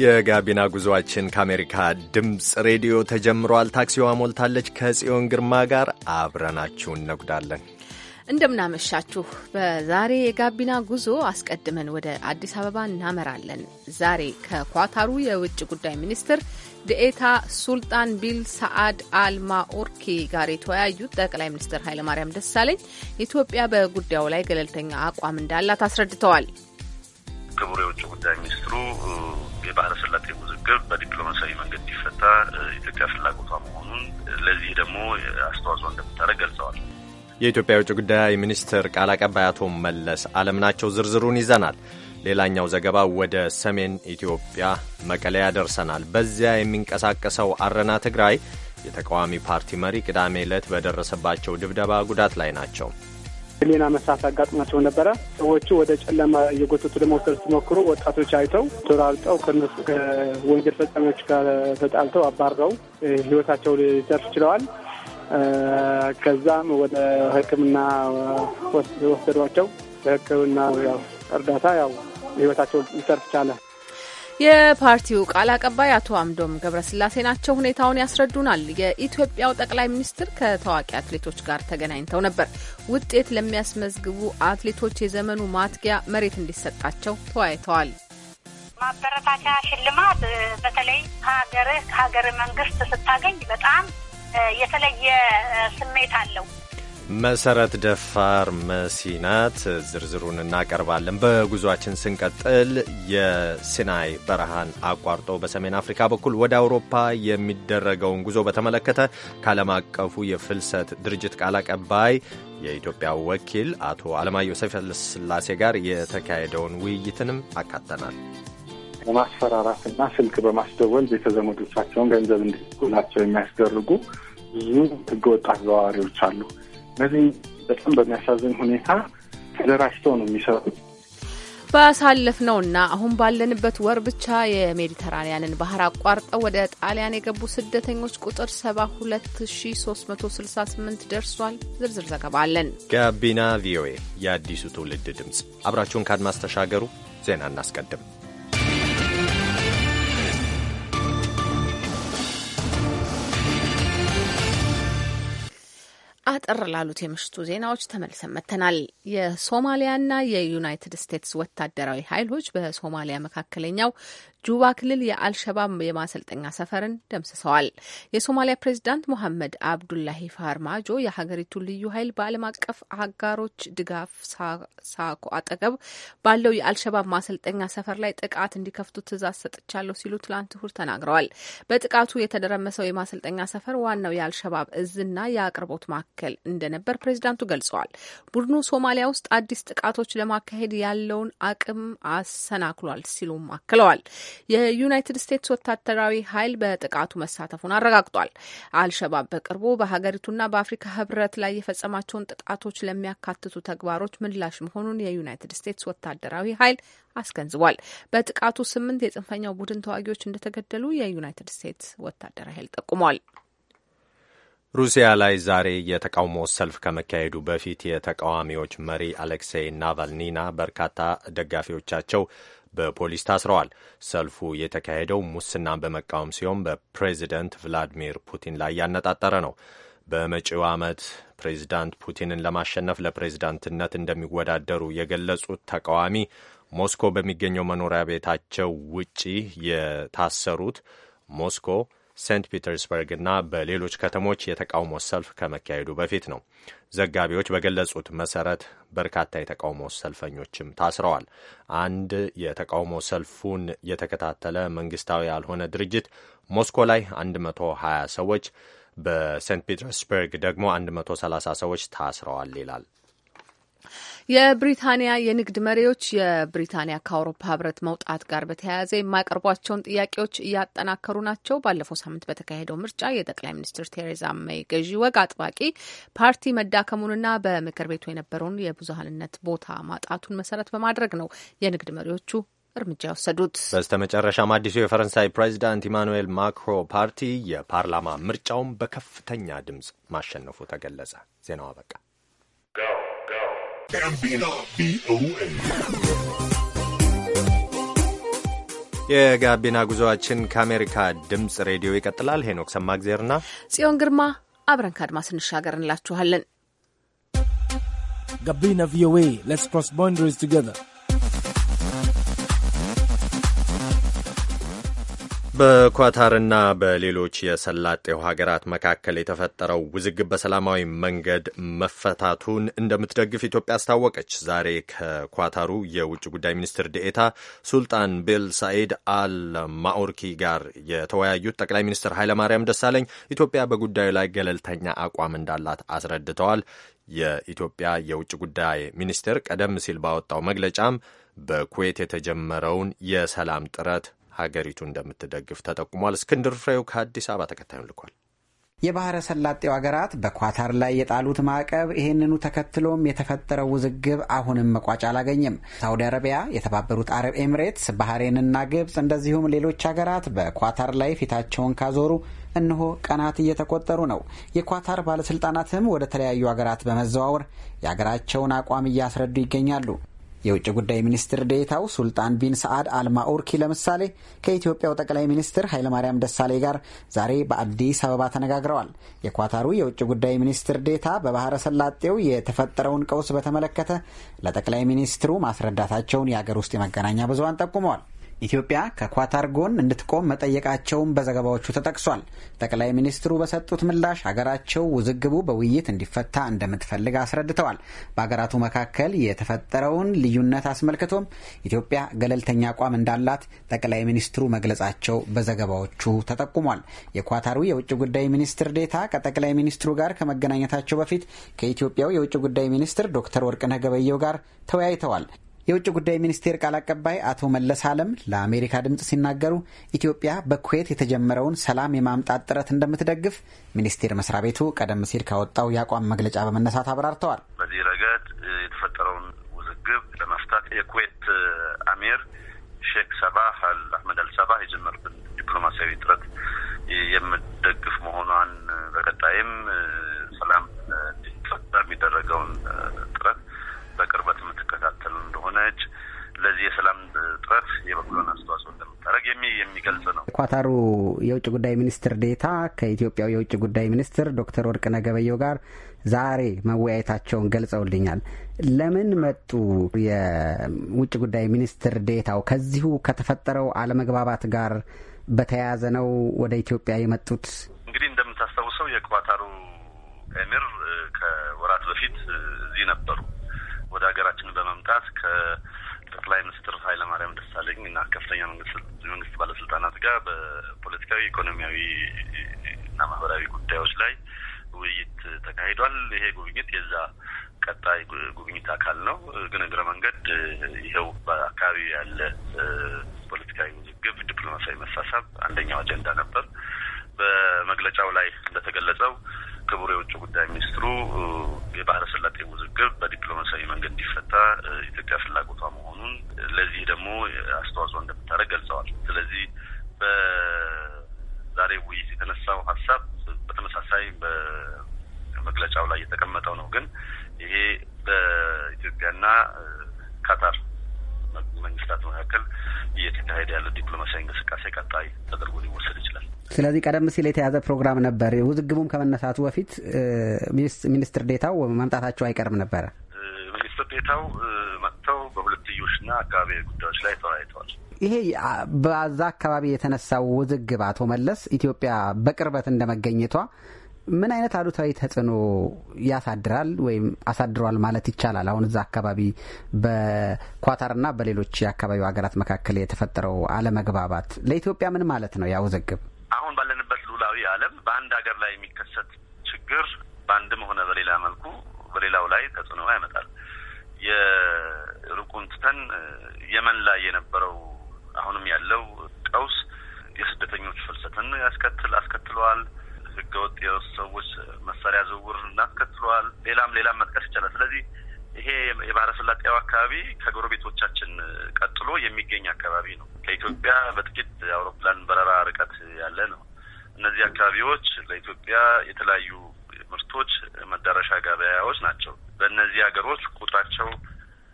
የጋቢና ጉዞአችን ከአሜሪካ ድምፅ ሬዲዮ ተጀምሯል። ታክሲዋ ሞልታለች። ከጽዮን ግርማ ጋር አብረናችሁ እነጉዳለን። እንደምናመሻችሁ። በዛሬ የጋቢና ጉዞ አስቀድመን ወደ አዲስ አበባ እናመራለን። ዛሬ ከኳታሩ የውጭ ጉዳይ ሚኒስትር ደኤታ ሱልጣን ቢል ሰዓድ አልማኦርኪ ጋር የተወያዩት ጠቅላይ ሚኒስትር ኃይለማርያም ደሳለኝ ኢትዮጵያ በጉዳዩ ላይ ገለልተኛ አቋም እንዳላት አስረድተዋል። ክቡር የውጭ ጉዳይ ሚኒስትሩ የባህረ ሰላጤ ውዝግብ በዲፕሎማሲያዊ መንገድ እንዲፈታ ኢትዮጵያ ፍላጎቷ መሆኑን ለዚህ ደግሞ አስተዋጽኦ እንደምታደርግ ገልጸዋል። የኢትዮጵያ የውጭ ጉዳይ ሚኒስትር ቃል አቀባይ አቶ መለስ አለም ናቸው። ዝርዝሩን ይዘናል። ሌላኛው ዘገባ ወደ ሰሜን ኢትዮጵያ መቀለያ ያደርሰናል። በዚያ የሚንቀሳቀሰው አረና ትግራይ የተቃዋሚ ፓርቲ መሪ ቅዳሜ ዕለት በደረሰባቸው ድብደባ ጉዳት ላይ ናቸው። ሌና መሳት አጋጥሟቸው ነበረ። ሰዎቹ ወደ ጨለማ እየጎተቱ ለመውሰድ ሲሞክሩ ወጣቶች አይተው ተራርጠው ከወንጀል ፈጻሚዎች ጋር ተጣልተው አባረው ህይወታቸው ሊተርፍ ችለዋል። ከዛም ወደ ሕክምና ወሰዷቸው። ለሕክምና እርዳታ ያው ህይወታቸው ሊተርፍ ቻለ። የፓርቲው ቃል አቀባይ አቶ አምዶም ገብረስላሴ ናቸው። ሁኔታውን ያስረዱናል። የኢትዮጵያው ጠቅላይ ሚኒስትር ከታዋቂ አትሌቶች ጋር ተገናኝተው ነበር። ውጤት ለሚያስመዝግቡ አትሌቶች የዘመኑ ማትጊያ መሬት እንዲሰጣቸው ተወያይተዋል። ማበረታቻ ሽልማት በተለይ ከሀገርህ ከሀገር መንግስት ስታገኝ በጣም የተለየ ስሜት አለው። መሰረት ደፋር መሲናት ዝርዝሩን እናቀርባለን። በጉዟችን ስንቀጥል የሲናይ በረሃን አቋርጦ በሰሜን አፍሪካ በኩል ወደ አውሮፓ የሚደረገውን ጉዞ በተመለከተ ከዓለም አቀፉ የፍልሰት ድርጅት ቃል አቀባይ የኢትዮጵያ ወኪል አቶ አለማየሁ ሰፈስላሴ ጋር የተካሄደውን ውይይትንም አካተናል። በማስፈራራትና ስልክ በማስደወል ቤተዘመዶቻቸውን ገንዘብ እንዲልኩላቸው የሚያስደርጉ ብዙ ህገወጥ አዘዋዋሪዎች አሉ። እነዚህ በጣም በሚያሳዝን ሁኔታ ተደራጅተው ነው የሚሰሩት። ባሳለፍነውና አሁን ባለንበት ወር ብቻ የሜዲተራንያንን ባህር አቋርጠው ወደ ጣሊያን የገቡ ስደተኞች ቁጥር 72368 ደርሷል። ዝርዝር ዘገባ አለን። ጋቢና ቪኦኤ የአዲሱ ትውልድ ድምፅ፣ አብራችሁን ካድማስ ተሻገሩ። ዜና እናስቀድም። አጠር ላሉት የምሽቱ ዜናዎች ተመልሰን መጥተናል። የሶማሊያና የዩናይትድ ስቴትስ ወታደራዊ ኃይሎች በሶማሊያ መካከለኛው ጁባ ክልል የአልሸባብ የማሰልጠኛ ሰፈርን ደምስሰዋል። የሶማሊያ ፕሬዚዳንት ሙሐመድ አብዱላሂ ፋርማጆ የሀገሪቱ ልዩ ኃይል በዓለም አቀፍ አጋሮች ድጋፍ ሳኮ አጠገብ ባለው የአልሸባብ ማሰልጠኛ ሰፈር ላይ ጥቃት እንዲከፍቱ ትዕዛዝ ሰጥቻለሁ ሲሉ ትላንት እሁድ ተናግረዋል። በጥቃቱ የተደረመሰው የማሰልጠኛ ሰፈር ዋናው የአልሸባብ እዝና የአቅርቦት ማዕከል መካከል እንደነበር ፕሬዚዳንቱ ገልጸዋል። ቡድኑ ሶማሊያ ውስጥ አዲስ ጥቃቶች ለማካሄድ ያለውን አቅም አሰናክሏል ሲሉም አክለዋል። የዩናይትድ ስቴትስ ወታደራዊ ኃይል በጥቃቱ መሳተፉን አረጋግጧል። አልሸባብ በቅርቡ በሀገሪቱና በአፍሪካ ህብረት ላይ የፈጸማቸውን ጥቃቶች ለሚያካትቱ ተግባሮች ምላሽ መሆኑን የዩናይትድ ስቴትስ ወታደራዊ ኃይል አስገንዝቧል። በጥቃቱ ስምንት የጽንፈኛው ቡድን ተዋጊዎች እንደተገደሉ የዩናይትድ ስቴትስ ወታደራዊ ኃይል ጠቁሟል። ሩሲያ ላይ ዛሬ የተቃውሞ ሰልፍ ከመካሄዱ በፊት የተቃዋሚዎች መሪ አሌክሴይ ናቫልኒና በርካታ ደጋፊዎቻቸው በፖሊስ ታስረዋል። ሰልፉ የተካሄደው ሙስናን በመቃወም ሲሆን በፕሬዚደንት ቭላዲሚር ፑቲን ላይ ያነጣጠረ ነው። በመጪው ዓመት ፕሬዚዳንት ፑቲንን ለማሸነፍ ለፕሬዚዳንትነት እንደሚወዳደሩ የገለጹት ተቃዋሚ ሞስኮ በሚገኘው መኖሪያ ቤታቸው ውጪ የታሰሩት ሞስኮ ሴንት እና በሌሎች ከተሞች የተቃውሞ ሰልፍ ከመካሄዱ በፊት ነው። ዘጋቢዎች በገለጹት መሰረት በርካታ የተቃውሞ ሰልፈኞችም ታስረዋል። አንድ የተቃውሞ ሰልፉን የተከታተለ መንግስታዊ ያልሆነ ድርጅት ሞስኮ ላይ 120 ሰዎች፣ በሴንት ፒተርስበርግ ደግሞ 130 ሰዎች ታስረዋል ይላል። የብሪታንያ የንግድ መሪዎች የብሪታንያ ከአውሮፓ ህብረት መውጣት ጋር በተያያዘ የማያቀርቧቸውን ጥያቄዎች እያጠናከሩ ናቸው። ባለፈው ሳምንት በተካሄደው ምርጫ የጠቅላይ ሚኒስትር ቴሬዛ ሜይ ገዢ ወግ አጥባቂ ፓርቲ መዳከሙንና በምክር ቤቱ የነበረውን የብዙሀንነት ቦታ ማጣቱን መሰረት በማድረግ ነው የንግድ መሪዎቹ እርምጃ የወሰዱት። በስተ መጨረሻም አዲሱ የፈረንሳይ ፕሬዚዳንት ኢማኑኤል ማክሮ ፓርቲ የፓርላማ ምርጫውን በከፍተኛ ድምፅ ማሸነፉ ተገለጸ። ዜናው አበቃ። ጋቢና ቪኦኤ የጋቢና ጉዞአችን ከአሜሪካ ድምፅ ሬዲዮ ይቀጥላል። ሄኖክ ሰማግዜርና ጽዮን ግርማ አብረን ከአድማ ስንሻገር እንላችኋለን። ጋቢና ቪኦኤ ሌትስ ክሮስ ቦንደሪስ ቱጌዘር በኳታርና በሌሎች የሰላጤው ሀገራት መካከል የተፈጠረው ውዝግብ በሰላማዊ መንገድ መፈታቱን እንደምትደግፍ ኢትዮጵያ አስታወቀች። ዛሬ ከኳታሩ የውጭ ጉዳይ ሚኒስትር ዴኤታ ሱልጣን ቤል ሳኢድ አል ማኦርኪ ጋር የተወያዩት ጠቅላይ ሚኒስትር ኃይለማርያም ደሳለኝ ኢትዮጵያ በጉዳዩ ላይ ገለልተኛ አቋም እንዳላት አስረድተዋል። የኢትዮጵያ የውጭ ጉዳይ ሚኒስቴር ቀደም ሲል ባወጣው መግለጫም በኩዌት የተጀመረውን የሰላም ጥረት ሀገሪቱ እንደምትደግፍ ተጠቁሟል። እስክንድር ፍሬው ከአዲስ አበባ ተከታዩን ልኳል። የባህረ ሰላጤው ሀገራት በኳታር ላይ የጣሉት ማዕቀብ ይህንኑ ተከትሎም የተፈጠረው ውዝግብ አሁንም መቋጫ አላገኘም። ሳውዲ አረቢያ፣ የተባበሩት አረብ ኤምሬትስ፣ ባህሬንና ግብፅ እንደዚሁም ሌሎች ሀገራት በኳታር ላይ ፊታቸውን ካዞሩ እነሆ ቀናት እየተቆጠሩ ነው። የኳታር ባለስልጣናትም ወደ ተለያዩ ሀገራት በመዘዋወር የሀገራቸውን አቋም እያስረዱ ይገኛሉ። የውጭ ጉዳይ ሚኒስትር ዴታው ሱልጣን ቢን ሰዓድ አልማኡርኪ ለምሳሌ ከኢትዮጵያው ጠቅላይ ሚኒስትር ኃይለማርያም ደሳሌ ጋር ዛሬ በአዲስ አበባ ተነጋግረዋል። የኳታሩ የውጭ ጉዳይ ሚኒስትር ዴታ በባህረ ሰላጤው የተፈጠረውን ቀውስ በተመለከተ ለጠቅላይ ሚኒስትሩ ማስረዳታቸውን የአገር ውስጥ የመገናኛ ብዙሃን ጠቁመዋል። ኢትዮጵያ ከኳታር ጎን እንድትቆም መጠየቃቸውን በዘገባዎቹ ተጠቅሷል። ጠቅላይ ሚኒስትሩ በሰጡት ምላሽ ሀገራቸው ውዝግቡ በውይይት እንዲፈታ እንደምትፈልግ አስረድተዋል። በሀገራቱ መካከል የተፈጠረውን ልዩነት አስመልክቶም ኢትዮጵያ ገለልተኛ አቋም እንዳላት ጠቅላይ ሚኒስትሩ መግለጻቸው በዘገባዎቹ ተጠቁሟል። የኳታሩ የውጭ ጉዳይ ሚኒስትር ዴታ ከጠቅላይ ሚኒስትሩ ጋር ከመገናኘታቸው በፊት ከኢትዮጵያው የውጭ ጉዳይ ሚኒስትር ዶክተር ወርቅነህ ገበየው ጋር ተወያይተዋል። የውጭ ጉዳይ ሚኒስቴር ቃል አቀባይ አቶ መለስ አለም ለአሜሪካ ድምፅ ሲናገሩ ኢትዮጵያ በኩዌት የተጀመረውን ሰላም የማምጣት ጥረት እንደምትደግፍ ሚኒስቴር መስሪያ ቤቱ ቀደም ሲል ካወጣው የአቋም መግለጫ በመነሳት አብራርተዋል። በዚህ ረገድ የተፈጠረውን ውዝግብ ለመፍታት የኩዌት አሚር ሼክ ሰባህ አልአህመድ አልሰባህ የጀመሩትን ዲፕሎማሲያዊ ጥረት የምደግፍ መሆኗን በቀጣይም ሰላም እንዲፈጠር የሚደረገውን ጥረት በቅርበ እንደሆነች ለዚህ የሰላም ጥረት የበኩሏን አስተዋጽኦ እንደምታደረግ የሚ የሚገልጽ ነው። ኳታሩ የውጭ ጉዳይ ሚኒስትር ዴታ ከኢትዮጵያው የውጭ ጉዳይ ሚኒስትር ዶክተር ወርቅነህ ገበየሁ ጋር ዛሬ መወያየታቸውን ገልጸውልኛል። ለምን መጡ? የውጭ ጉዳይ ሚኒስትር ዴታው ከዚሁ ከተፈጠረው አለመግባባት ጋር በተያያዘ ነው ወደ ኢትዮጵያ የመጡት። እንግዲህ እንደምታስታውሰው የኳታሩ ኤሚር ከወራት በፊት እዚህ ነበሩ። ወደ ሀገራችን በመምጣት ከጠቅላይ ሚኒስትር ኃይለማርያም ደሳለኝ እና ከፍተኛ መንግስት ባለስልጣናት ጋር በፖለቲካዊ፣ ኢኮኖሚያዊ እና ማህበራዊ ጉዳዮች ላይ ውይይት ተካሂዷል። ይሄ ጉብኝት የዛ ቀጣይ ጉብኝት አካል ነው። ግን እግረ መንገድ ይኸው በአካባቢ ያለ ፖለቲካዊ ውዝግብ፣ ዲፕሎማሲያዊ መሳሳብ አንደኛው አጀንዳ ነበር። በመግለጫው ላይ እንደተገለጸው ክቡር የውጭ ጉዳይ ሚኒስትሩ የባህረ ሰላጤ ውዝግብ በዲፕሎማሲያዊ መንገድ እንዲፈታ ኢትዮጵያ ፍላጎቷ መሆኑን ለዚህ ደግሞ አስተዋጽኦ እንደምታደርግ ገልጸዋል። ስለዚህ በዛሬ ውይይት የተነሳው ሀሳብ በተመሳሳይ በመግለጫው ላይ የተቀመጠው ነው። ግን ይሄ በኢትዮጵያና ካታር መንግስታት መካከል እየተካሄደ ያለው ዲፕሎማሲያዊ እንቅስቃሴ ቀጣይ ተደርጎ ሊወሰድ ይችላል። ስለዚህ ቀደም ሲል የተያዘ ፕሮግራም ነበር። ውዝግቡም ከመነሳቱ በፊት ሚኒስትር ዴታው መምጣታቸው አይቀርም ነበረ። ሚኒስትር ዴታው መጥተው በሁለትዮሽና አካባቢ ጉዳዮች ላይ ተወያይተዋል። ይሄ በዛ አካባቢ የተነሳው ውዝግብ አቶ መለስ ኢትዮጵያ በቅርበት እንደመገኘቷ ምን አይነት አሉታዊ ተጽዕኖ ያሳድራል ወይም አሳድሯል ማለት ይቻላል? አሁን እዛ አካባቢ በኳታርና በሌሎች የአካባቢው ሀገራት መካከል የተፈጠረው አለመግባባት ለኢትዮጵያ ምን ማለት ነው? ያ ውዝግብ በአንድ ሀገር ላይ የሚከሰት ችግር በአንድም ሆነ በሌላ መልኩ በሌላው ላይ ተጽዕኖ ያመጣል። የሩቁን ትተን የመን ላይ የነበረው አሁንም ያለው ቀውስ የስደተኞች ፍልሰትን ያስከትል አስከትለዋል። ህገወጥ ሰዎች መሳሪያ ዝውውር እናስከትለዋል። ሌላም ሌላም መጥቀስ ይቻላል። ስለዚህ ይሄ የባህረ ሰላጤው አካባቢ ከጎረቤቶቻችን ቀጥሎ የሚገኝ አካባቢ ነው። ከኢትዮጵያ በጥቂት አውሮፕላን በረራ ርቀት ያለ ነው። እነዚህ አካባቢዎች ለኢትዮጵያ የተለያዩ ምርቶች መዳረሻ ገበያዎች ናቸው። በእነዚህ ሀገሮች ቁጥራቸው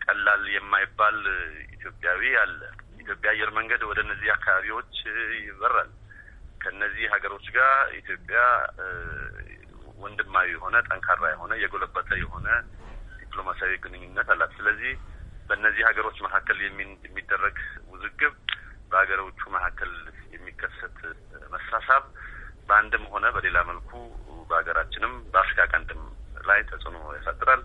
ቀላል የማይባል ኢትዮጵያዊ አለ። ኢትዮጵያ አየር መንገድ ወደ እነዚህ አካባቢዎች ይበራል። ከእነዚህ ሀገሮች ጋር ኢትዮጵያ ወንድማዊ የሆነ ጠንካራ የሆነ የጎለበተ የሆነ ዲፕሎማሲያዊ ግንኙነት አላት። ስለዚህ በእነዚህ ሀገሮች መካከል የሚደረግ ውዝግብ፣ በሀገሮቹ መካከል የሚከሰት መሳሳብ በአንድም ሆነ በሌላ መልኩ በሀገራችንም በአፍሪካ ቀንድም ላይ ተጽዕኖ ያሳድራል።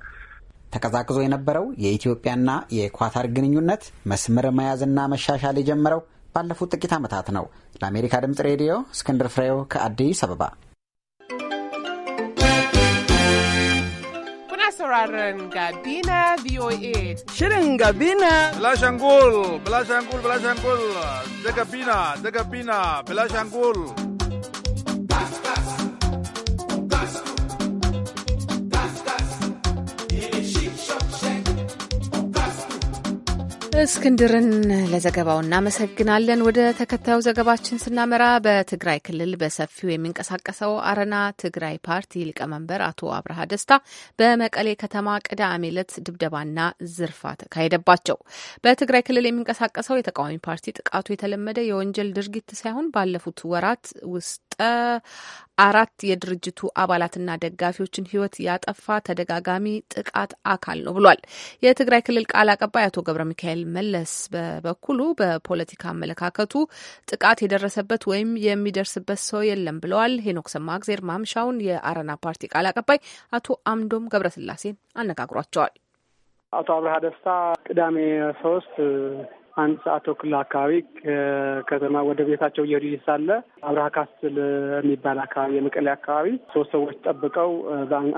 ተቀዛቅዞ የነበረው የኢትዮጵያና የኳታር ግንኙነት መስመር መያዝና መሻሻል የጀመረው ባለፉት ጥቂት ዓመታት ነው። ለአሜሪካ ድምፅ ሬዲዮ እስክንድር ፍሬው ከአዲስ አበባ። ጋቢና ቪኦኤ ሽርን ጋቢና ብላሻንጉል ብላሻንጉል ብላሻንጉል ዘጋቢና ዘጋቢና ብላሻንጉል እስክንድርን ለዘገባው እናመሰግናለን። ወደ ተከታዩ ዘገባችን ስናመራ በትግራይ ክልል በሰፊው የሚንቀሳቀሰው አረና ትግራይ ፓርቲ ሊቀመንበር አቶ አብርሃ ደስታ በመቀሌ ከተማ ቅዳሜ ዕለት ድብደባና ዝርፋ ተካሄደባቸው። በትግራይ ክልል የሚንቀሳቀሰው የተቃዋሚ ፓርቲ ጥቃቱ የተለመደ የወንጀል ድርጊት ሳይሆን ባለፉት ወራት ውስጥ አራት የድርጅቱ አባላትና ደጋፊዎችን ህይወት ያጠፋ ተደጋጋሚ ጥቃት አካል ነው ብሏል። የትግራይ ክልል ቃል አቀባይ አቶ ገብረ ሚካኤል መለስ በበኩሉ በፖለቲካ አመለካከቱ ጥቃት የደረሰበት ወይም የሚደርስበት ሰው የለም ብለዋል። ሄኖክ ሰማእግዜር ማምሻውን የአረና ፓርቲ ቃል አቀባይ አቶ አምዶም ገብረስላሴን አነጋግሯቸዋል። አቶ አብርሃ ደስታ ቅዳሜ ሶስት አንድ ሰዓት ተኩል አካባቢ ከከተማ ወደ ቤታቸው እየሄዱ ይሳለ አብርሃ ካስትል የሚባል አካባቢ የመቀሌ አካባቢ ሶስት ሰዎች ጠብቀው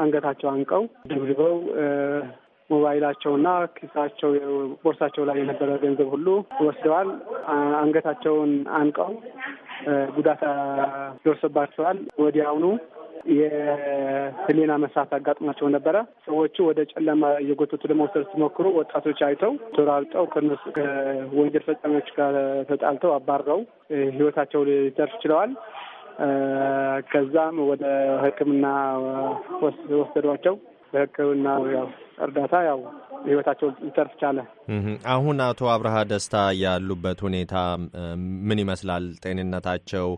አንገታቸው አንቀው ደብድበው ሞባይላቸውና ኪሳቸው ቦርሳቸው ላይ የነበረ ገንዘብ ሁሉ ወስደዋል። አንገታቸውን አንቀው ጉዳት ደርሶባቸዋል። ወዲያውኑ የህሊና መሳት አጋጥሟቸው ነበረ። ሰዎቹ ወደ ጨለማ እየጎተቱ ለመውሰድ ሲሞክሩ ወጣቶች አይተው ተራርጠው ከወንጀል ፈጻሚዎች ጋር ተጣልተው አባረው ህይወታቸው ሊተርፍ ችለዋል። ከዛም ወደ ሕክምና ወሰዷቸው። በሕክምና ያው እርዳታ ያው ህይወታቸው ሊተርፍ ቻለ። አሁን አቶ አብርሃ ደስታ ያሉበት ሁኔታ ምን ይመስላል? ጤንነታቸው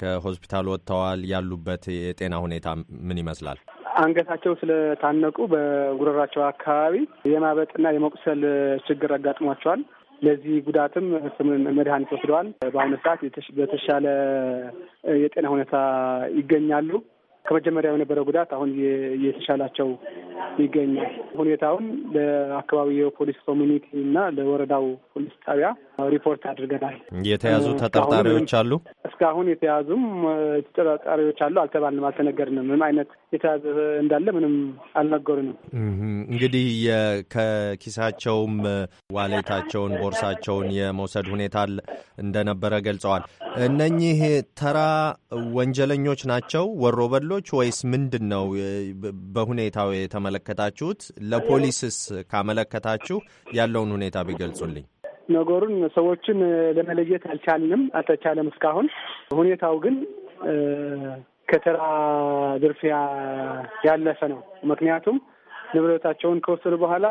ከሆስፒታል ወጥተዋል? ያሉበት የጤና ሁኔታ ምን ይመስላል? አንገታቸው ስለታነቁ በጉረራቸው አካባቢ የማበጥና የመቁሰል ችግር አጋጥሟቸዋል። ለዚህ ጉዳትም መድኃኒት ወስደዋል። በአሁኑ ሰዓት በተሻለ የጤና ሁኔታ ይገኛሉ። ከመጀመሪያው የነበረው ጉዳት አሁን እየተሻላቸው ይገኛል። ሁኔታውን ለአካባቢው የፖሊስ ኮሚኒቲ እና ለወረዳው ፖሊስ ጣቢያ ሪፖርት አድርገናል። የተያዙ ተጠርጣሪዎች አሉ። እስካሁን የተያዙም ተጠርጣሪዎች አሉ አልተባልንም፣ አልተነገርንም። ምንም አይነት የተያዘ እንዳለ ምንም አልነገሩንም። እንግዲህ ከኪሳቸውም ዋሌታቸውን፣ ቦርሳቸውን የመውሰድ ሁኔታ እንደነበረ ገልጸዋል። እነኚህ ተራ ወንጀለኞች ናቸው ወሮበሎች ወይስ ምንድን ነው? በሁኔታው የተመለከታችሁት ለፖሊስስ ካመለከታችሁ ያለውን ሁኔታ ቢገልጹልኝ። ነገሩን ሰዎችን ለመለየት አልቻልንም፣ አልተቻለም እስካሁን። ሁኔታው ግን ከተራ ድርፊያ ያለፈ ነው። ምክንያቱም ንብረታቸውን ከወሰዱ በኋላ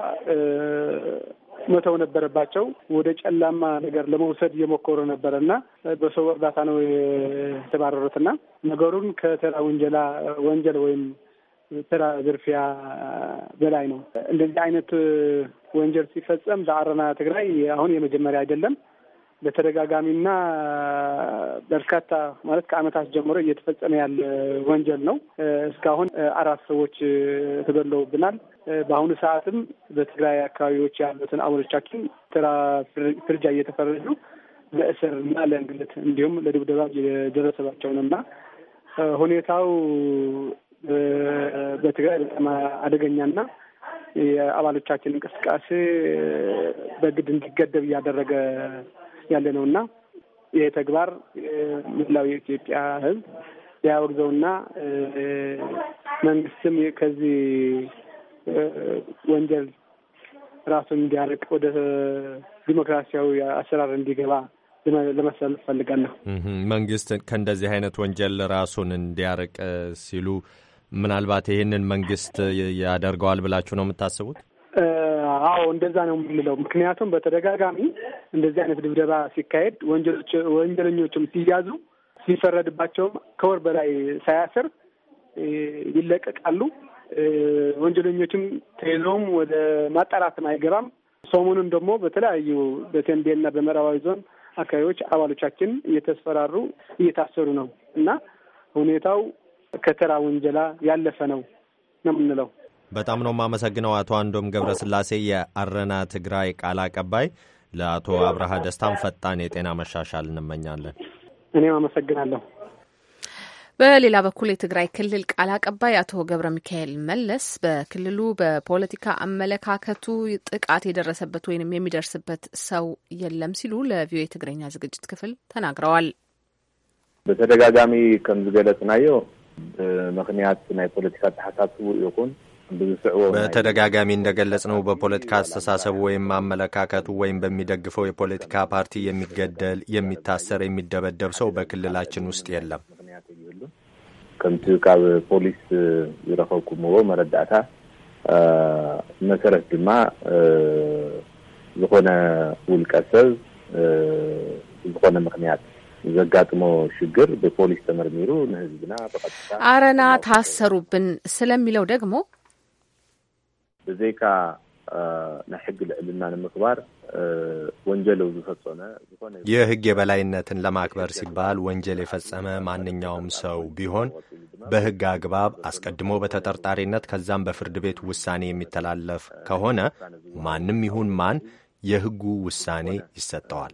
መተው ነበረባቸው። ወደ ጨለማ ነገር ለመውሰድ እየሞከሩ ነበረ እና በሰው እርዳታ ነው የተባረሩትና ነገሩን ከተራ ወንጀላ ወንጀል ወይም ዝርፊያ በላይ ነው። እንደዚህ አይነት ወንጀል ሲፈጸም በአረና ትግራይ አሁን የመጀመሪያ አይደለም። በተደጋጋሚና በርካታ ማለት ከአመታት ጀምሮ እየተፈጸመ ያለ ወንጀል ነው። እስካሁን አራት ሰዎች ተበለውብናል። በአሁኑ ሰዓትም በትግራይ አካባቢዎች ያሉትን አባሎቻችን ስራ ፍርጃ እየተፈረጁ ለእስርና ለእንግልት እንዲሁም ለድብደባ እየደረሰባቸው ነው እና ሁኔታው በትግራይ በጣም አደገኛና የአባሎቻችን እንቅስቃሴ በግድ እንዲገደብ እያደረገ ያለ ነው እና ይህ ተግባር መላው የኢትዮጵያ ሕዝብ ሊያወግዘውና መንግስትም ከዚህ ወንጀል ራሱን እንዲያርቅ ወደ ዲሞክራሲያዊ አሰራር እንዲገባ ለመሰል ፈልጋለሁ። መንግስት ከእንደዚህ አይነት ወንጀል ራሱን እንዲያርቅ ሲሉ ምናልባት ይህንን መንግስት ያደርገዋል ብላችሁ ነው የምታስቡት? አዎ እንደዛ ነው የምንለው። ምክንያቱም በተደጋጋሚ እንደዚህ አይነት ድብደባ ሲካሄድ ወንጀለኞችም ሲያዙ ሲፈረድባቸውም ከወር በላይ ሳያስር ይለቀቃሉ። ወንጀለኞችም ተይዞም ወደ ማጣራትም አይገባም። ሰሞኑን ደግሞ በተለያዩ በሰንቤና በምዕራባዊ ዞን አካባቢዎች አባሎቻችን እየተስፈራሩ እየታሰሩ ነው እና ሁኔታው ከተራ ውንጀላ ያለፈ ነው ነው የምንለው። በጣም ነው የማመሰግነው አቶ አንዶም ገብረስላሴ የአረና ትግራይ ቃል አቀባይ። ለአቶ አብርሃ ደስታም ፈጣን የጤና መሻሻል እንመኛለን። እኔም አመሰግናለሁ። በሌላ በኩል የትግራይ ክልል ቃል አቀባይ አቶ ገብረ ሚካኤል መለስ በክልሉ በፖለቲካ አመለካከቱ ጥቃት የደረሰበት ወይንም የሚደርስበት ሰው የለም ሲሉ ለቪኦኤ ትግረኛ ዝግጅት ክፍል ተናግረዋል። በተደጋጋሚ ናየው ብምክንያት ናይ ፖለቲካ ተሓሳስቡ ይኹን ብዝስዕቦ በተደጋጋሚ እንደገለጽ ነው በፖለቲካ አስተሳሰቡ ወይም አመለካከቱ ወይም በሚደግፈው የፖለቲካ ፓርቲ የሚገደል፣ የሚታሰር፣ የሚደበደብ ሰው በክልላችን ውስጥ የለም። ከምቲ ካብ ፖሊስ ዝረኸብኩምዎ መረዳእታ መሰረት ድማ ዝኾነ ውልቀ ሰብ ዝኾነ ምክንያት ዘጋጥሞ ችግር በፖሊስ ተመርሚሩ ህዝብና በቀጥታ አረና ታሰሩብን ስለሚለው ደግሞ ብዘይካ ናይ ሕጊ ልዕልና ንምክባር ወንጀል ዝፈጸመ ዝኾነ የህግ የበላይነትን ለማክበር ሲባል ወንጀል የፈጸመ ማንኛውም ሰው ቢሆን በህግ አግባብ አስቀድሞ በተጠርጣሪነት ከዛም በፍርድ ቤት ውሳኔ የሚተላለፍ ከሆነ ማንም ይሁን ማን የህጉ ውሳኔ ይሰጠዋል።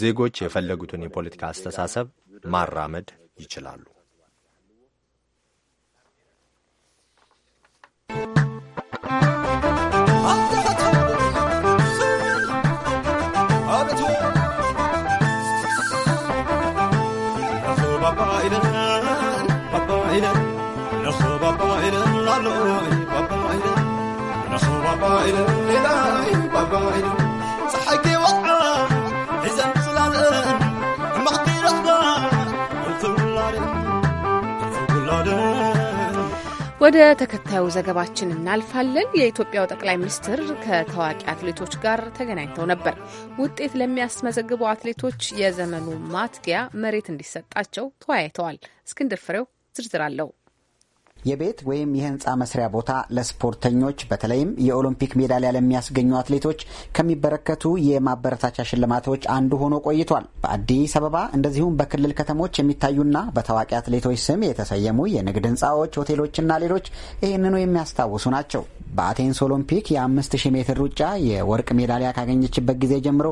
ዜጎች የፈለጉትን የፖለቲካ አስተሳሰብ ማራመድ ይችላሉ። ወደ ተከታዩ ዘገባችን እናልፋለን። የኢትዮጵያው ጠቅላይ ሚኒስትር ከታዋቂ አትሌቶች ጋር ተገናኝተው ነበር። ውጤት ለሚያስመዘግቡ አትሌቶች የዘመኑ ማትጊያ መሬት እንዲሰጣቸው ተወያይተዋል። እስክንድር ፍሬው ዝርዝር አለው። የቤት ወይም የህንፃ መስሪያ ቦታ ለስፖርተኞች በተለይም የኦሎምፒክ ሜዳሊያ ለሚያስገኙ አትሌቶች ከሚበረከቱ የማበረታቻ ሽልማቶች አንዱ ሆኖ ቆይቷል። በአዲስ አበባ እንደዚሁም በክልል ከተሞች የሚታዩና በታዋቂ አትሌቶች ስም የተሰየሙ የንግድ ህንፃዎች፣ ሆቴሎችና ሌሎች ይህንኑ የሚያስታውሱ ናቸው። በአቴንስ ኦሎምፒክ የአምስት 5000 ሜትር ሩጫ የወርቅ ሜዳሊያ ካገኘችበት ጊዜ ጀምሮ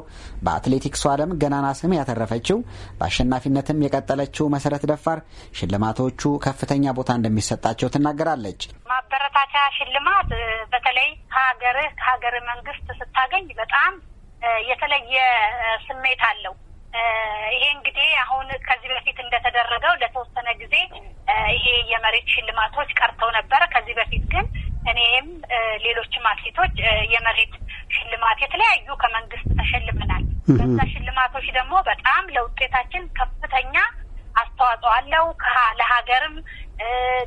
በአትሌቲክሱ ዓለም ገናና ስም ያተረፈችው በአሸናፊነትም የቀጠለችው መሰረት ደፋር ሽልማቶቹ ከፍተኛ ቦታ እንደሚሰጣቸው እንደሚሰጣቸው ትናገራለች። ማበረታቻ ሽልማት በተለይ ከሀገርህ ከሀገር መንግስት ስታገኝ በጣም የተለየ ስሜት አለው። ይሄ እንግዲህ አሁን ከዚህ በፊት እንደተደረገው ለተወሰነ ጊዜ ይሄ የመሬት ሽልማቶች ቀርተው ነበረ። ከዚህ በፊት ግን እኔም ሌሎችም አትሌቶች የመሬት ሽልማት የተለያዩ ከመንግስት ተሸልመናል። በዛ ሽልማቶች ደግሞ በጣም ለውጤታችን ከፍተኛ አስተዋጽኦ አለው። ለሀገርም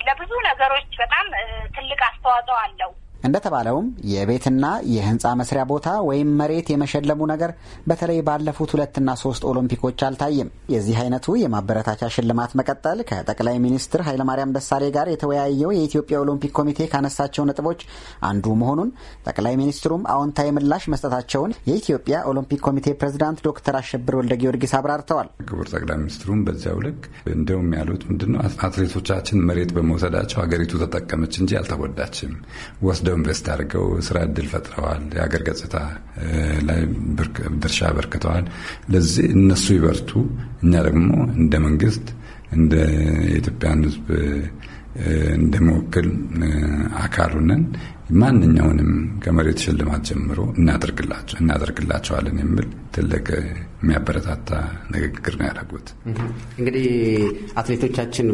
ለብዙ ነገሮች በጣም ትልቅ አስተዋጽኦ አለው። እንደተባለውም የቤትና የህንፃ መስሪያ ቦታ ወይም መሬት የመሸለሙ ነገር በተለይ ባለፉት ሁለትና ሶስት ኦሎምፒኮች አልታይም። የዚህ አይነቱ የማበረታቻ ሽልማት መቀጠል ከጠቅላይ ሚኒስትር ኃይለማርያም ደሳሌ ጋር የተወያየው የኢትዮጵያ ኦሎምፒክ ኮሚቴ ካነሳቸው ነጥቦች አንዱ መሆኑን ጠቅላይ ሚኒስትሩም አዎንታዊ ምላሽ መስጠታቸውን የኢትዮጵያ ኦሎምፒክ ኮሚቴ ፕሬዝዳንት ዶክተር አሸብር ወልደ ጊዮርጊስ አብራርተዋል። ክቡር ጠቅላይ ሚኒስትሩም በዚያው ልክ እንደውም ያሉት ምንድነው አትሌቶቻችን መሬት በመውሰዳቸው ሀገሪቱ ተጠቀመች እንጂ አልተጎዳችም ወስደ ኢንቨስት አድርገው ስራ እድል ፈጥረዋል። የሀገር ገጽታ ላይ ድርሻ አበርክተዋል። ለዚህ እነሱ ይበርቱ፣ እኛ ደግሞ እንደ መንግስት እንደ የኢትዮጵያን ህዝብ እንደሚወክል አካሉነን ማንኛውንም ከመሬት ሽልማት ጀምሮ እናደርግላቸው እናደርግላቸዋለን የሚል ትልቅ የሚያበረታታ ንግግር ነው ያደረጉት። እንግዲህ አትሌቶቻችን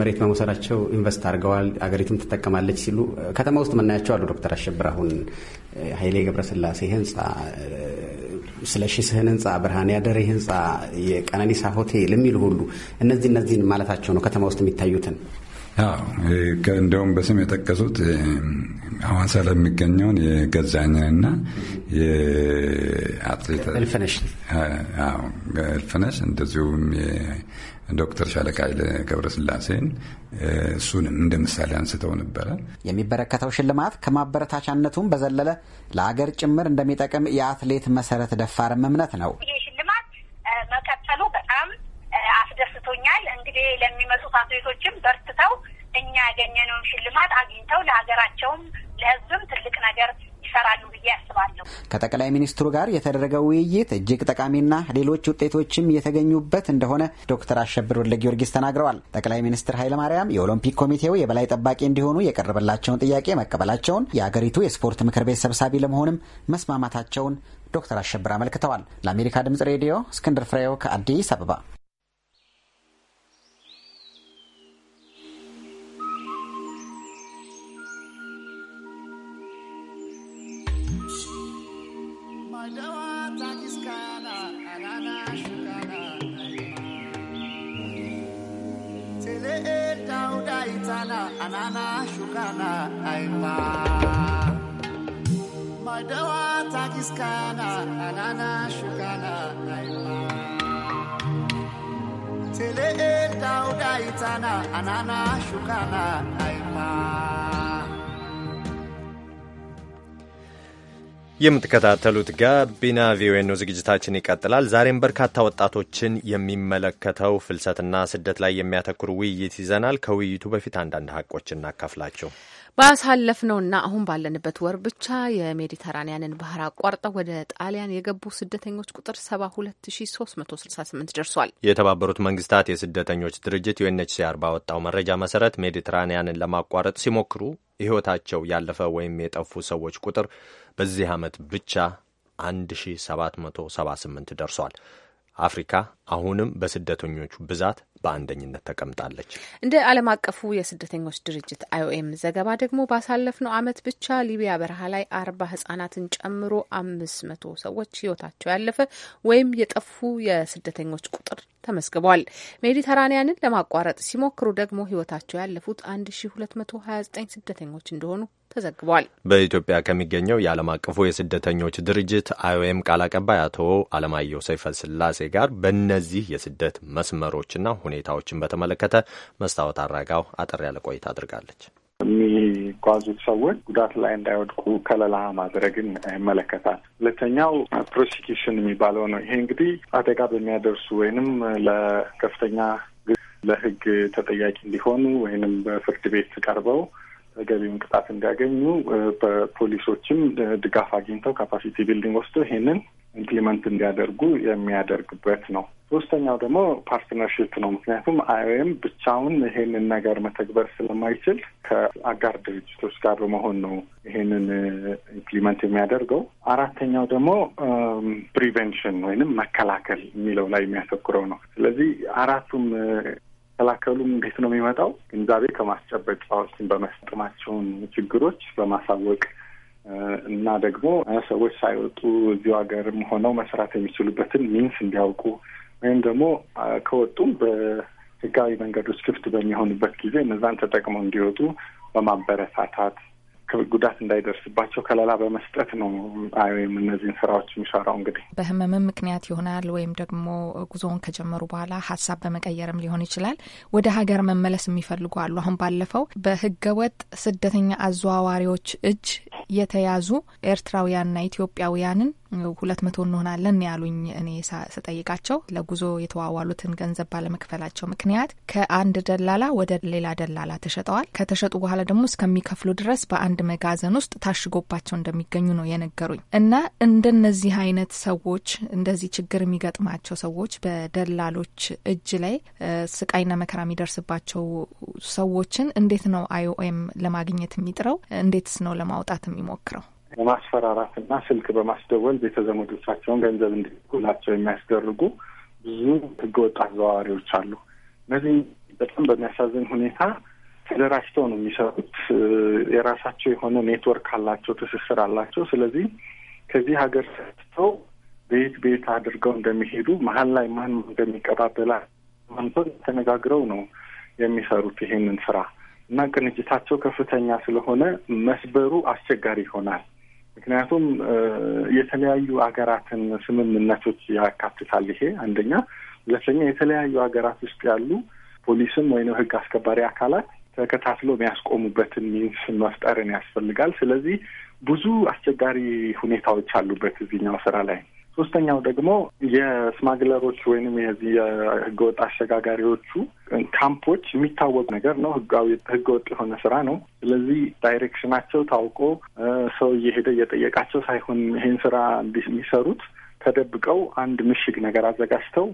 መሬት በመውሰዳቸው ኢንቨስት አድርገዋል፣ አገሪቱም ትጠቀማለች ሲሉ ከተማ ውስጥ መናያቸው አሉ። ዶክተር አሸብር አሁን ኃይሌ ገብረስላሴ ህንፃ፣ ስለሺ ስህን ህንፃ፣ ብርሃን ያደሬ ህንፃ፣ የቀነኒሳ ሆቴል የሚሉ ሁሉ እነዚህ እነዚህን ማለታቸው ነው ከተማ ውስጥ የሚታዩትን እንደውም በስም የጠቀሱት ሐዋሳ ላይ የሚገኘውን የገዛኝንና የአትሌት እልፍነሽ እንደዚሁም ዶክተር ሻለቃ ኃይለ ገብረስላሴን እሱንም እንደ ምሳሌ አንስተው ነበረ። የሚበረከተው ሽልማት ከማበረታቻነቱም በዘለለ ለአገር ጭምር እንደሚጠቅም የአትሌት መሰረት ደፋርም እምነት ነው። ይህ ሽልማት መቀጠሉ በጣም አስደስቶኛል። እንግዲህ ለሚመጡት አትሌቶችም በርትተው እኛ ያገኘነውን ሽልማት አግኝተው ለሀገራቸውም ለህዝብም ትልቅ ነገር ይሰራሉ ብዬ አስባለሁ። ከጠቅላይ ሚኒስትሩ ጋር የተደረገው ውይይት እጅግ ጠቃሚና ሌሎች ውጤቶችም የተገኙበት እንደሆነ ዶክተር አሸብር ወልደ ጊዮርጊስ ተናግረዋል። ጠቅላይ ሚኒስትር ኃይለማርያም የኦሎምፒክ ኮሚቴው የበላይ ጠባቂ እንዲሆኑ የቀረበላቸውን ጥያቄ መቀበላቸውን፣ የአገሪቱ የስፖርት ምክር ቤት ሰብሳቢ ለመሆንም መስማማታቸውን ዶክተር አሸብር አመልክተዋል። ለአሜሪካ ድምጽ ሬዲዮ እስክንድር ፍሬው ከአዲስ አበባ Gaitana, Anana, Shukana, Aima. Madawa Dawa Takiskana, Anana, Shukana, Aima. Tele Dauda Itana, Anana, Shukana, Aima. የምትከታተሉት ጋቢና ቪኦኤ ነው። ዝግጅታችን ይቀጥላል። ዛሬም በርካታ ወጣቶችን የሚመለከተው ፍልሰትና ስደት ላይ የሚያተኩር ውይይት ይዘናል። ከውይይቱ በፊት አንዳንድ ሀቆች እናካፍላቸው። ባሳለፍነውና አሁን ባለንበት ወር ብቻ የሜዲተራንያንን ባህር አቋርጠው ወደ ጣሊያን የገቡ ስደተኞች ቁጥር 72368 ደርሷል። የተባበሩት መንግስታት የስደተኞች ድርጅት ዩኤንኤችሲአር ባወጣው መረጃ መሰረት ሜዲተራንያንን ለማቋረጥ ሲሞክሩ ሕይወታቸው ያለፈ ወይም የጠፉ ሰዎች ቁጥር በዚህ ዓመት ብቻ 1778 ደርሷል። አፍሪካ አሁንም በስደተኞቹ ብዛት በአንደኝነት ተቀምጣለች። እንደ ዓለም አቀፉ የስደተኞች ድርጅት አይኦኤም ዘገባ ደግሞ ባሳለፍነው ዓመት ብቻ ሊቢያ በረሃ ላይ አርባ ህጻናትን ጨምሮ አምስት መቶ ሰዎች ህይወታቸው ያለፈ ወይም የጠፉ የስደተኞች ቁጥር ተመዝግቧል። ሜዲተራኒያንን ለማቋረጥ ሲሞክሩ ደግሞ ህይወታቸው ያለፉት 1229 ስደተኞች እንደሆኑ ተዘግቧል። በኢትዮጵያ ከሚገኘው የዓለም አቀፉ የስደተኞች ድርጅት አይኦኤም ቃል አቀባይ አቶ አለማየሁ ሰይፈ ስላሴ ጋር በእነዚህ የስደት መስመሮችና ሁኔታዎችን በተመለከተ መስታወት አድራጋው አጠር ያለ ቆይታ አድርጋለች። የሚጓዙት ሰዎች ጉዳት ላይ እንዳይወድቁ ከለላ ማድረግን ይመለከታል። ሁለተኛው ፕሮሲኪሽን የሚባለው ነው። ይሄ እንግዲህ አደጋ በሚያደርሱ ወይንም ለከፍተኛ ለህግ ተጠያቂ እንዲሆኑ ወይንም በፍርድ ቤት ቀርበው ተገቢውን ቅጣት እንዲያገኙ በፖሊሶችም ድጋፍ አግኝተው ካፓሲቲ ቢልዲንግ ወስዶ ይሄንን ኢምፕሊመንት እንዲያደርጉ የሚያደርግበት ነው። ሶስተኛው ደግሞ ፓርትነርሽፕ ነው። ምክንያቱም አይኦኤም ብቻውን ይሄንን ነገር መተግበር ስለማይችል ከአጋር ድርጅቶች ጋር በመሆን ነው ይሄንን ኢምፕሊመንት የሚያደርገው። አራተኛው ደግሞ ፕሪቨንሽን ወይንም መከላከል የሚለው ላይ የሚያተኩረው ነው። ስለዚህ አራቱም ከተከላከሉም እንዴት ነው የሚመጣው? ግንዛቤ ከማስጨበቅ በመስጠማቸውን ችግሮች በማሳወቅ እና ደግሞ ሰዎች ሳይወጡ እዚሁ ሀገርም ሆነው መስራት የሚችሉበትን ሚንስ እንዲያውቁ ወይም ደግሞ ከወጡም በህጋዊ መንገዶች ክፍት በሚሆኑበት ጊዜ እነዛን ተጠቅመው እንዲወጡ በማበረታታት ጉዳት እንዳይደርስባቸው ከለላ በመስጠት ነው ወይም እነዚህን ስራዎች የሚሰራው። እንግዲህ በህመምም ምክንያት ይሆናል ወይም ደግሞ ጉዞውን ከጀመሩ በኋላ ሀሳብ በመቀየርም ሊሆን ይችላል። ወደ ሀገር መመለስ የሚፈልጉ አሉ። አሁን ባለፈው በህገወጥ ስደተኛ አዘዋዋሪዎች እጅ የተያዙ ኤርትራውያንና ኢትዮጵያውያንን ሁለት መቶ እንሆናለን ያሉኝ እኔ ስጠይቃቸው ለጉዞ የተዋዋሉትን ገንዘብ ባለመክፈላቸው ምክንያት ከአንድ ደላላ ወደ ሌላ ደላላ ተሸጠዋል። ከተሸጡ በኋላ ደግሞ እስከሚከፍሉ ድረስ በአንድ መጋዘን ውስጥ ታሽጎባቸው እንደሚገኙ ነው የነገሩኝ። እና እንደነዚህ አይነት ሰዎች እንደዚህ ችግር የሚገጥማቸው ሰዎች በደላሎች እጅ ላይ ስቃይና መከራ የሚደርስባቸው ሰዎችን እንዴት ነው አይኦኤም ለማግኘት የሚጥረው? እንዴትስ ነው ለማውጣት የሚሞክረው? የማስፈራራትና ስልክ በማስደወል ቤተ ዘመዶቻቸውን ገንዘብ እንዲልኩላቸው የሚያስደርጉ ብዙ ህገወጥ አዘዋዋሪዎች አሉ። እነዚህ በጣም በሚያሳዝን ሁኔታ ተደራጅተው ነው የሚሰሩት። የራሳቸው የሆነ ኔትወርክ አላቸው፣ ትስስር አላቸው። ስለዚህ ከዚህ ሀገር ሰጥተው ቤት ቤት አድርገው እንደሚሄዱ መሀል ላይ ማን እንደሚቀባበላ ማንቶ ተነጋግረው ነው የሚሰሩት ይሄንን ስራ እና ቅንጅታቸው ከፍተኛ ስለሆነ መስበሩ አስቸጋሪ ይሆናል። ምክንያቱም የተለያዩ ሀገራትን ስምምነቶች ያካትታል። ይሄ አንደኛ። ሁለተኛ የተለያዩ ሀገራት ውስጥ ያሉ ፖሊስም ወይም ሕግ አስከባሪ አካላት ተከታትሎ የሚያስቆሙበትን ሚንስ መፍጠርን ያስፈልጋል። ስለዚህ ብዙ አስቸጋሪ ሁኔታዎች አሉበት እዚህኛው ስራ ላይ ሶስተኛው ደግሞ የስማግለሮች ወይንም የዚህ የህገወጥ አሸጋጋሪዎቹ ካምፖች የሚታወቅ ነገር ነው። ህጋዊ ህገወጥ የሆነ ስራ ነው። ስለዚህ ዳይሬክሽናቸው ታውቆ ሰው እየሄደ እየጠየቃቸው ሳይሆን ይሄን ስራ የሚሰሩት ተደብቀው አንድ ምሽግ ነገር አዘጋጅተው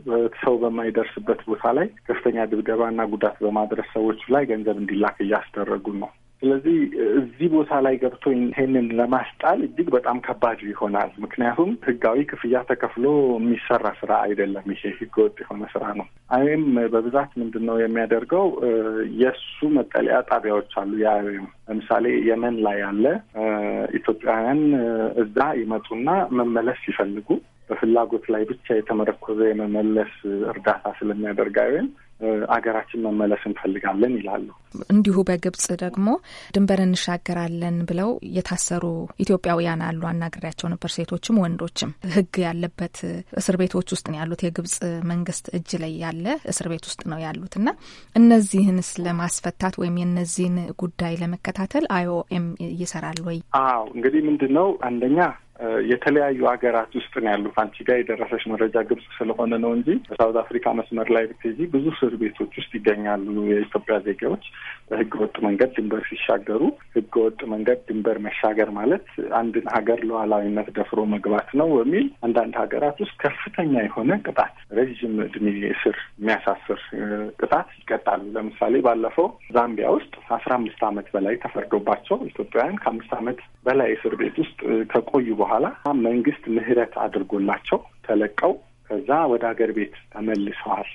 ሰው በማይደርስበት ቦታ ላይ ከፍተኛ ድብደባና ጉዳት በማድረስ ሰዎች ላይ ገንዘብ እንዲላክ እያስደረጉ ነው። ስለዚህ እዚህ ቦታ ላይ ገብቶ ይሄንን ለማስጣል እጅግ በጣም ከባድ ይሆናል። ምክንያቱም ህጋዊ ክፍያ ተከፍሎ የሚሰራ ስራ አይደለም። ይሄ ህገወጥ የሆነ ስራ ነው። አይም በብዛት ምንድን ነው የሚያደርገው? የእሱ መጠለያ ጣቢያዎች አሉ። የአይም ለምሳሌ የመን ላይ ያለ ኢትዮጵያውያን እዛ ይመጡና መመለስ ሲፈልጉ በፍላጎት ላይ ብቻ የተመረኮዘ የመመለስ እርዳታ ስለሚያደርግ አይም አገራችን መመለስ እንፈልጋለን ይላሉ። እንዲሁ በግብጽ ደግሞ ድንበር እንሻገራለን ብለው የታሰሩ ኢትዮጵያውያን አሉ። አናግሬያቸው ነበር። ሴቶችም ወንዶችም ህግ ያለበት እስር ቤቶች ውስጥ ነው ያሉት። የግብጽ መንግስት እጅ ላይ ያለ እስር ቤት ውስጥ ነው ያሉት እና እነዚህንስ ለማስፈታት ወይም የነዚህን ጉዳይ ለመከታተል አይኦኤም ይሰራል ወይ? አዎ እንግዲህ ምንድን ነው አንደኛ የተለያዩ ሀገራት ውስጥ ነው ያሉት። አንቺ ጋር የደረሰች መረጃ ግብጽ ስለሆነ ነው እንጂ በሳውት አፍሪካ መስመር ላይ ብትሄጂ ብዙ እስር ቤቶች ውስጥ ይገኛሉ። የኢትዮጵያ ዜጋዎች በህገ ወጥ መንገድ ድንበር ሲሻገሩ፣ ህገ ወጥ መንገድ ድንበር መሻገር ማለት አንድን ሀገር ሉዓላዊነት ደፍሮ መግባት ነው በሚል አንዳንድ ሀገራት ውስጥ ከፍተኛ የሆነ ቅጣት፣ ረዥም እድሜ እስር የሚያሳስር ቅጣት ይቀጣሉ። ለምሳሌ ባለፈው ዛምቢያ ውስጥ አስራ አምስት አመት በላይ ተፈርዶባቸው ኢትዮጵያውያን ከአምስት አመት በላይ እስር ቤት ውስጥ ከቆዩ በኋላ መንግስት ምህረት አድርጎላቸው ተለቀው ከዛ ወደ ሀገር ቤት ተመልሰዋል።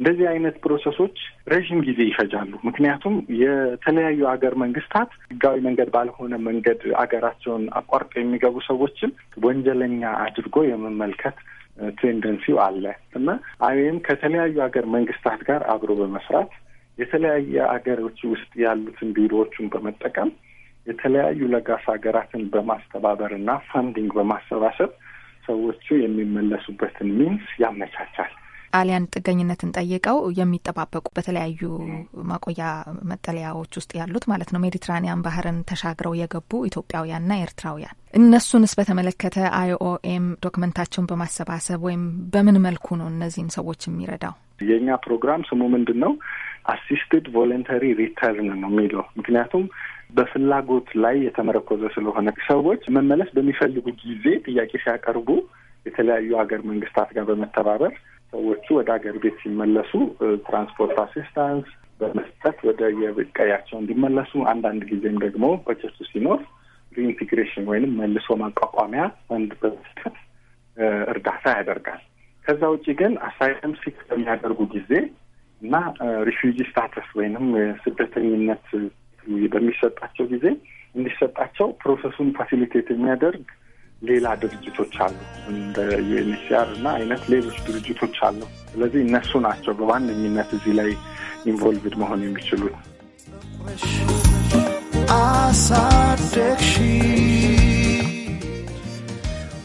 እንደዚህ አይነት ፕሮሰሶች ረዥም ጊዜ ይፈጃሉ። ምክንያቱም የተለያዩ ሀገር መንግስታት ህጋዊ መንገድ ባልሆነ መንገድ አገራቸውን አቋርጠው የሚገቡ ሰዎችን ወንጀለኛ አድርጎ የመመልከት ቴንደንሲው አለ እና አይም ከተለያዩ ሀገር መንግስታት ጋር አብሮ በመስራት የተለያየ ሀገሮች ውስጥ ያሉትን ቢሮዎቹን በመጠቀም የተለያዩ ለጋስ ሀገራትን በማስተባበር እና ፋንዲንግ በማሰባሰብ ሰዎቹ የሚመለሱበትን ሚንስ ያመቻቻል። ጣሊያን ጥገኝነትን ጠይቀው የሚጠባበቁ በተለያዩ ማቆያ መጠለያዎች ውስጥ ያሉት ማለት ነው ሜዲትራኒያን ባህርን ተሻግረው የገቡ ኢትዮጵያውያንና ኤርትራውያን እነሱንስ በተመለከተ አይኦኤም ዶክመንታቸውን በማሰባሰብ ወይም በምን መልኩ ነው እነዚህን ሰዎች የሚረዳው? የእኛ ፕሮግራም ስሙ ምንድን ነው? አሲስትድ ቮለንተሪ ሪተርን ነው የሚለው ምክንያቱም በፍላጎት ላይ የተመረኮዘ ስለሆነ ሰዎች መመለስ በሚፈልጉ ጊዜ ጥያቄ ሲያቀርቡ የተለያዩ ሀገር መንግስታት ጋር በመተባበር ሰዎቹ ወደ ሀገር ቤት ሲመለሱ ትራንስፖርት አሲስታንስ በመስጠት ወደ የቀያቸው እንዲመለሱ አንዳንድ ጊዜም ደግሞ በጀቱ ሲኖር ሪኢንቲግሬሽን ወይም መልሶ ማቋቋሚያ ፈንድ በመስጠት እርዳታ ያደርጋል። ከዛ ውጭ ግን አሳይለም ሲክ በሚያደርጉ ጊዜ እና ሪፊውጂ ስታተስ ወይንም ስደተኝነት በሚሰጣቸው ጊዜ እንዲሰጣቸው ፕሮሰሱን ፋሲሊቴት የሚያደርግ ሌላ ድርጅቶች አሉ። እንደ ዩኤንኤችሲአር እና አይነት ሌሎች ድርጅቶች አሉ። ስለዚህ እነሱ ናቸው በዋነኝነት እዚህ ላይ ኢንቮልቭድ መሆን የሚችሉት። አሳደግሺ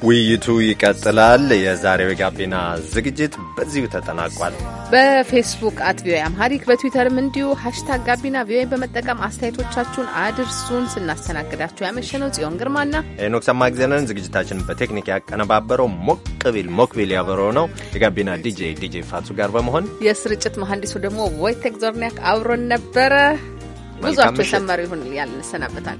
ውይይቱ ይቀጥላል። የዛሬው የጋቢና ዝግጅት በዚሁ ተጠናቋል። በፌስቡክ አት ቪኦኤ አምሃሪክ በትዊተርም እንዲሁ ሀሽታግ ጋቢና ቪኦኤ በመጠቀም አስተያየቶቻችሁን አድርሱን። ስናስተናግዳችሁ ያመሸነው ጽዮን ግርማና ኖክ ሰማ ጊዜነን። ዝግጅታችንን በቴክኒክ ያቀነባበረው ሞቅቢል ሞክቢል ያበረው ነው። የጋቢና ዲጄ ዲጄ ፋቱ ጋር በመሆን የስርጭት መሀንዲሱ ደግሞ ቮይቴክ ዞርኒያክ አብሮን ነበረ። ብዙቸው የሰመሩ ይሁን ያልን ሰናበታል።